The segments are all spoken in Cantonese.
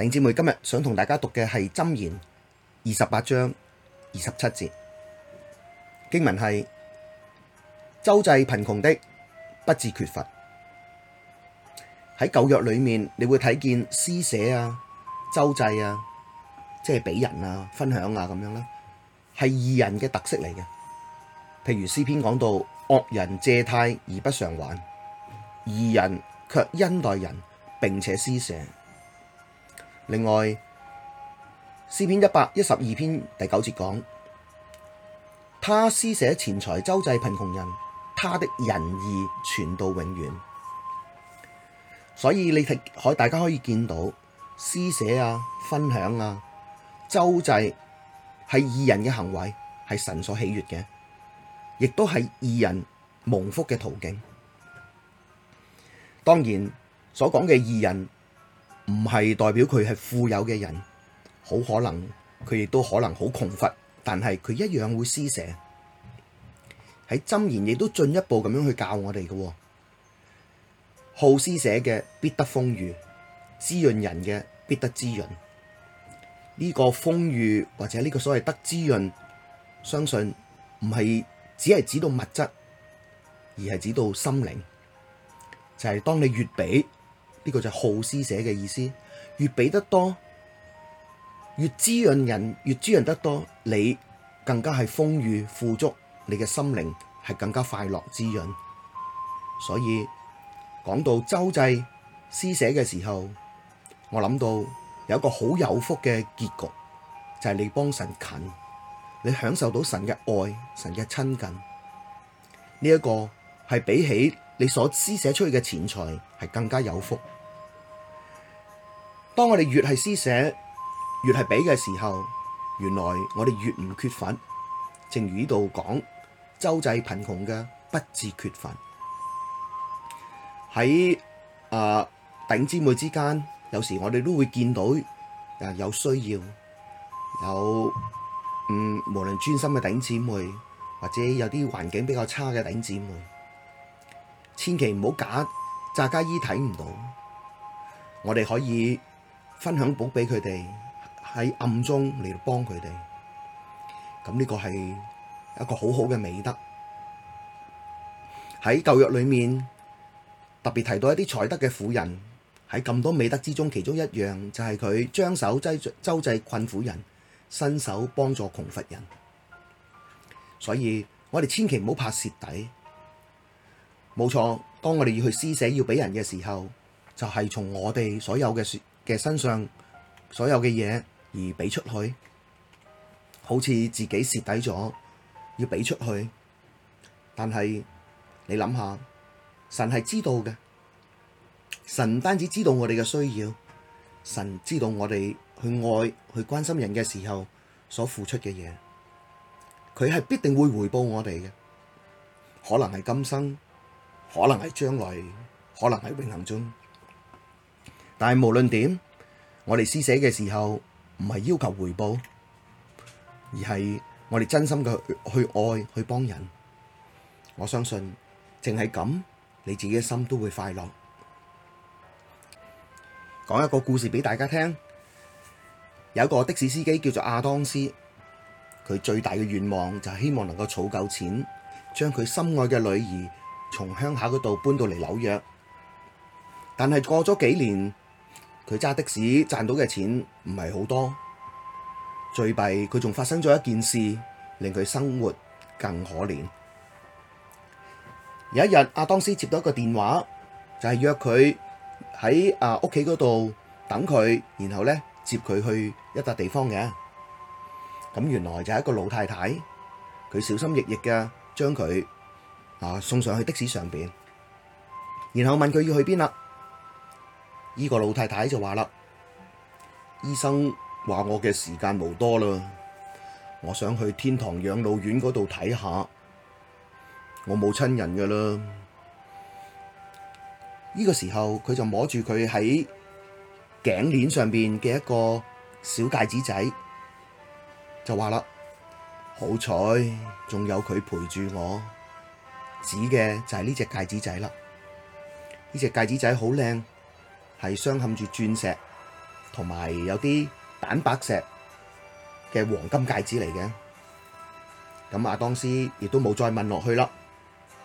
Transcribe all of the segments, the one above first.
令姐妹今日想同大家讀嘅係《箴言》二十八章二十七節，經文係：周濟貧窮的不致缺乏。喺舊約裏面，你會睇見施捨啊、周濟啊，即係畀人啊、分享啊咁樣啦，係義人嘅特色嚟嘅。譬如詩篇講到惡人借貸而不償還義人卻恩待人並且施捨。另外，詩篇一百一十二篇第九節講，他施捨錢財周濟貧窮人，他的仁義傳到永遠。所以你可大家可以見到施捨啊、分享啊、周濟係義人嘅行為，係神所喜悅嘅，亦都係義人蒙福嘅途徑。當然，所講嘅義人。唔係代表佢係富有嘅人，好可能佢亦都可能好窮乏，但係佢一樣會施捨。喺箴言亦都進一步咁樣去教我哋嘅、哦，好施捨嘅必得豐裕，滋潤人嘅必得滋潤。呢、這個豐裕，或者呢個所謂得滋潤，相信唔係只係指到物質，而係指到心靈。就係、是、當你越俾。呢個就係好施捨嘅意思，越俾得多，越滋潤人，越滋潤得多，你更加係豐裕富足，你嘅心靈係更加快樂滋潤。所以講到賙濟施捨嘅時候，我諗到有一個好有福嘅結局，就係、是、你幫神近，你享受到神嘅愛，神嘅親近，呢、這、一個係比起你所施捨出去嘅錢財係更加有福。當我哋越係施捨，越係俾嘅時候，原來我哋越唔缺乏。正如呢度講，賙濟貧窮嘅不致缺乏。喺啊頂姊妹之間，有時我哋都會見到啊、呃、有需要，有嗯無論專心嘅頂姊妹，或者有啲環境比較差嘅頂姊妹，千祈唔好假詐假意睇唔到。我哋可以。分享寶俾佢哋，喺暗中嚟到幫佢哋，咁呢個係一個好好嘅美德。喺舊約裏面特別提到一啲才德嘅婦人，喺咁多美德之中，其中一樣就係佢張手濟賙濟困苦人，伸手幫助窮乏人。所以我哋千祈唔好怕蝕底。冇錯，當我哋要去施捨要俾人嘅時候，就係、是、從我哋所有嘅說。嘅身上所有嘅嘢，而俾出去，好似自己蝕底咗要俾出去，但係你諗下，神係知道嘅，神唔單止知道我哋嘅需要，神知道我哋去愛去關心人嘅時候所付出嘅嘢，佢係必定會回報我哋嘅，可能係今生，可能係將來，可能係永恒中。但係無論點，我哋施捨嘅時候唔係要求回報，而係我哋真心嘅去，去愛去幫人。我相信淨係咁，你自己嘅心都會快樂。講一個故事俾大家聽，有一個的士司機叫做亞當斯，佢最大嘅願望就係希望能夠儲夠錢，將佢心愛嘅女兒從鄉下嗰度搬到嚟紐約。但係過咗幾年。佢揸的士賺到嘅錢唔係好多，最弊，佢仲發生咗一件事，令佢生活更可憐。有一日，阿當斯接到一個電話，就係約佢喺啊屋企嗰度等佢，然後咧接佢去一笪地方嘅。咁原來就係一個老太太，佢小心翼翼嘅將佢啊送上去的士上邊，然後問佢要去邊啦。呢個老太太就話啦，醫生話我嘅時間無多啦，我想去天堂養老院嗰度睇下，我冇親人噶啦。呢個時候佢就摸住佢喺頸鏈上邊嘅一個小戒指仔，就話啦，好彩仲有佢陪住我，指嘅就係呢隻戒指仔啦，呢隻戒指仔好靚。係鑲嵌住鑽石同埋有啲蛋白石嘅黃金戒指嚟嘅，咁、啊、阿當斯亦都冇再問落去啦。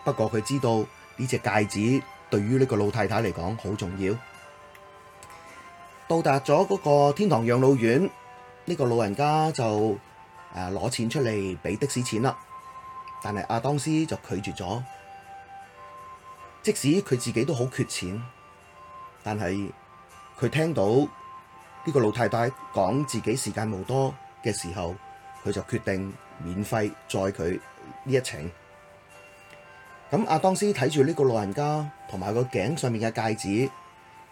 不過佢知道呢隻戒指對於呢個老太太嚟講好重要。到達咗嗰個天堂養老院，呢、這個老人家就誒攞、啊、錢出嚟俾的士錢啦，但係阿、啊、當斯就拒絕咗，即使佢自己都好缺錢。但係佢聽到呢個老太太講自己時間冇多嘅時候，佢就決定免費載佢呢一程。咁阿當斯睇住呢個老人家同埋個頸上面嘅戒指，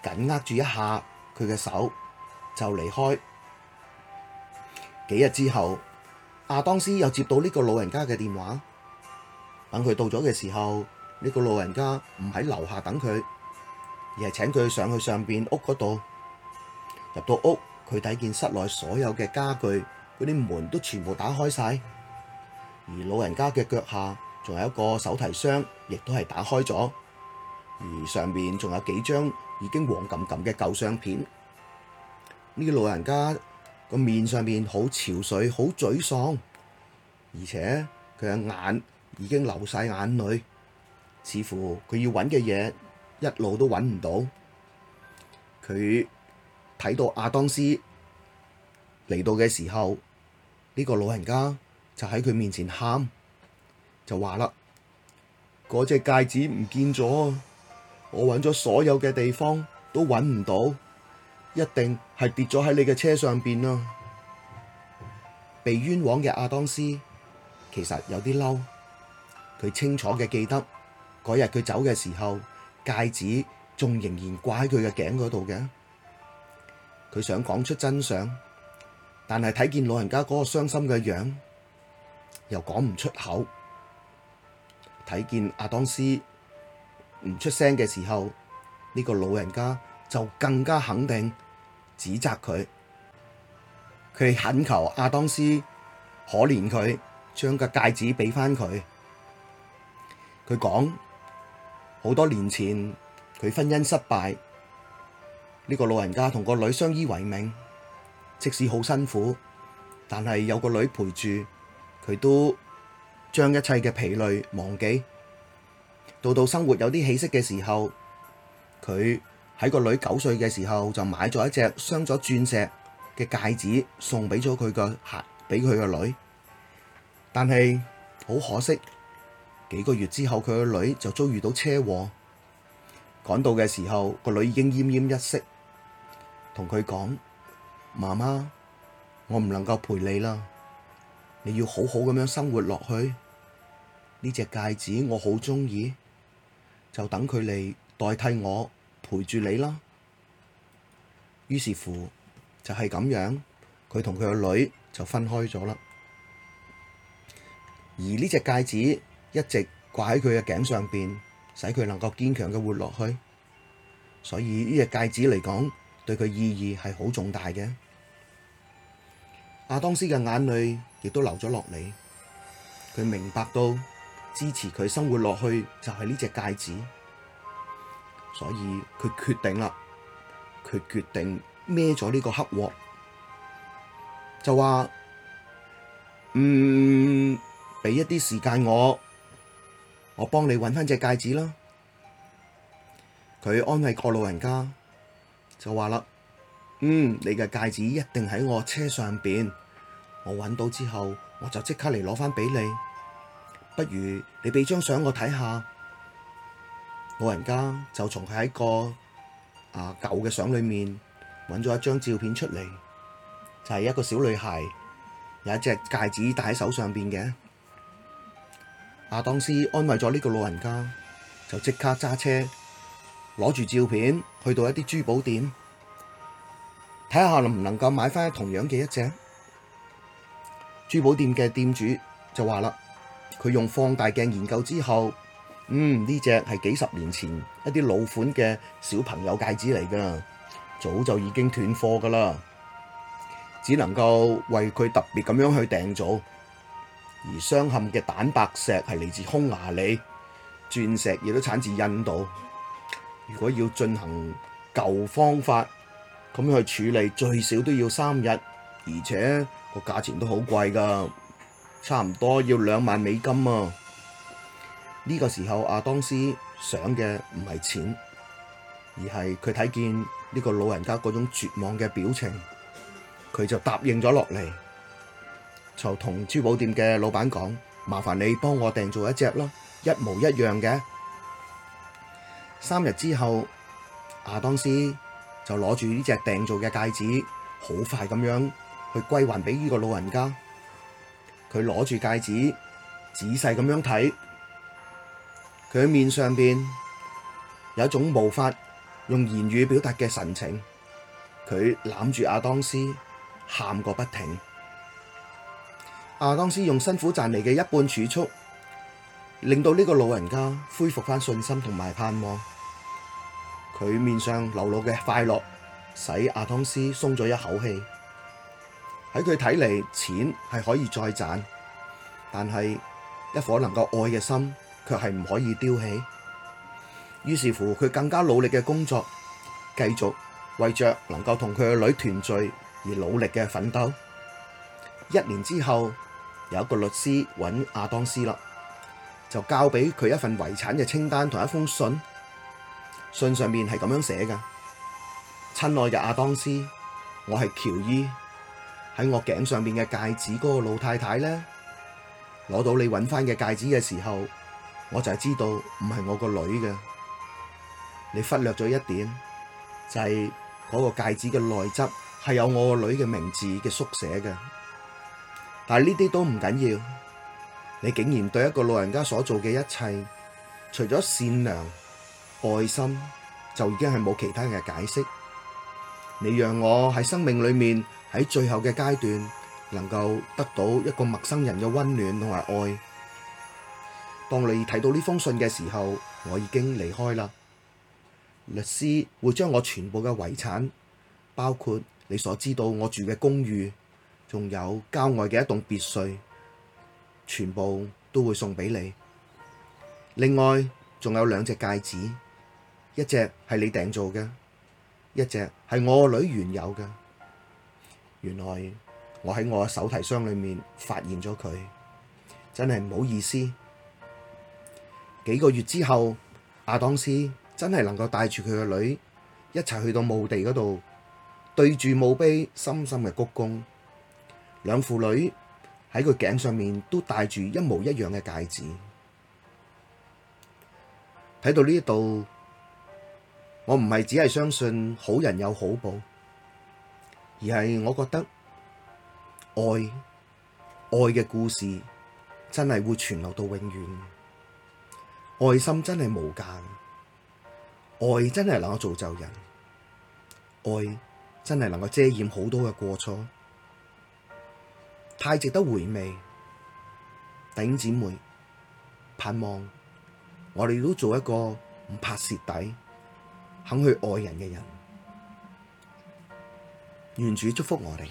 緊握住一下佢嘅手就離開。幾日之後，阿當斯又接到呢個老人家嘅電話，等佢到咗嘅時候，呢個老人家唔喺樓下等佢。而係請佢上去上邊屋嗰度，入到屋，佢睇見室內所有嘅家具，嗰啲門都全部打開晒。而老人家嘅腳下仲有一個手提箱，亦都係打開咗，而上面仲有幾張已經黃冚冚嘅舊相片。呢個老人家個面上面好憔悴，好沮喪，而且佢嘅眼已經流晒眼淚，似乎佢要揾嘅嘢，一路都揾唔到，佢睇到阿當斯嚟到嘅時候，呢、這個老人家就喺佢面前喊，就話啦：嗰隻戒指唔見咗，我揾咗所有嘅地方都揾唔到，一定係跌咗喺你嘅車上邊啦。被冤枉嘅阿當斯其實有啲嬲，佢清楚嘅記得嗰日佢走嘅時候。戒指仲仍然掛喺佢嘅頸嗰度嘅，佢想講出真相，但係睇見老人家嗰個傷心嘅樣，又講唔出口。睇見阿當斯唔出聲嘅時候，呢個老人家就更加肯定指責佢，佢懇求阿當斯可憐佢，將個戒指俾翻佢。佢講。好多年前佢婚姻失敗，呢、這個老人家同個女相依為命，即使好辛苦，但係有個女陪住，佢都將一切嘅疲累忘記。到到生活有啲起色嘅時候，佢喺個女九歲嘅時候就買咗一隻鑲咗鑽石嘅戒指送俾咗佢個客俾佢個女。但係好可惜。幾個月之後，佢個女就遭遇到車禍。趕到嘅時候，個女已經奄奄一息。同佢講，媽媽，我唔能夠陪你啦，你要好好咁樣生活落去。呢隻戒指我好鍾意，就等佢嚟代替我陪住你啦。於是乎，就係咁樣，佢同佢個女就分開咗啦。而呢隻戒指一直掛喺佢嘅頸上邊，使佢能夠堅強嘅活落去。所以呢隻戒指嚟講，對佢意義係好重大嘅。亞當斯嘅眼淚亦都流咗落嚟，佢明白到支持佢生活落去就係呢隻戒指。所以佢決定啦，佢決定孭咗呢個黑鑊，就話嗯，俾一啲時間我。我幫你揾翻隻戒指啦，佢安慰個老人家，就話啦：，嗯，你嘅戒指一定喺我車上邊，我揾到之後，我就即刻嚟攞翻俾你。不如你畀張相我睇下，老人家就從佢喺個啊舊嘅相裏面揾咗一張照片出嚟，就係、是、一個小女孩有一隻戒指戴喺手上邊嘅。阿當斯安慰咗呢個老人家，就即刻揸車攞住照片去到一啲珠寶店，睇下能唔能夠買翻同樣嘅一隻。珠寶店嘅店主就話啦，佢用放大鏡研究之後，嗯呢隻係幾十年前一啲老款嘅小朋友戒指嚟噶啦，早就已經斷貨噶啦，只能夠為佢特別咁樣去訂做。而鑲嵌嘅蛋白石係嚟自匈牙利，鑽石亦都產自印度。如果要進行舊方法咁樣去處理，最少都要三日，而且個價錢都好貴㗎，差唔多要兩萬美金啊！呢、這個時候，阿當斯想嘅唔係錢，而係佢睇見呢個老人家嗰種絕望嘅表情，佢就答應咗落嚟。就同珠寶店嘅老闆講：麻煩你幫我訂做一隻咯，一模一樣嘅。三日之後亞當斯就攞住呢隻訂做嘅戒指，好快咁樣去歸還俾呢個老人家。佢攞住戒指，仔細咁樣睇，佢喺面上邊有一種無法用言語表達嘅神情。佢攬住亞當斯，喊個不停。阿當斯用辛苦賺嚟嘅一半儲蓄，令到呢個老人家恢復翻信心同埋盼望。佢面上流露嘅快樂，使阿當斯鬆咗一口氣。喺佢睇嚟，錢係可以再賺，但係一顆能夠愛嘅心，卻係唔可以丟棄。於是乎，佢更加努力嘅工作，繼續為着能夠同佢個女團聚而努力嘅奮鬥。一年之後，有一個律師揾亞當斯啦，就交俾佢一份遺產嘅清單同一封信。信上面係咁樣寫嘅：親愛嘅亞當斯，我係喬伊，喺我頸上面嘅戒指嗰個老太太咧，攞到你揾翻嘅戒指嘅時候，我就係知道唔係我個女嘅。你忽略咗一點，就係、是、嗰個戒指嘅內側係有我個女嘅名字嘅縮寫嘅。但係呢啲都唔緊要，你竟然對一個老人家所做嘅一切，除咗善良、愛心，就已經係冇其他嘅解釋。你讓我喺生命裏面喺最後嘅階段，能夠得到一個陌生人嘅溫暖同埋愛。當你睇到呢封信嘅時候，我已經離開啦。律師會將我全部嘅遺產，包括你所知道我住嘅公寓。仲有郊外嘅一棟別墅，全部都會送俾你。另外，仲有兩隻戒指，一隻係你訂做嘅，一隻係我女原有嘅。原來我喺我嘅手提箱裏面發現咗佢，真係唔好意思。幾個月之後，阿當斯真係能夠帶住佢嘅女一齊去到墓地嗰度，對住墓碑深深嘅鞠躬。兩父女喺佢頸上面都戴住一模一樣嘅戒指，睇到呢度，我唔係只係相信好人有好報，而係我覺得愛愛嘅故事真係會傳留到永遠，愛心真係無間，愛真係能夠造就人，愛真係能夠遮掩好多嘅過錯。太值得回味，弟兄姊妹，盼望我哋都做一個唔怕蝕底、肯去愛人嘅人。願主祝福我哋。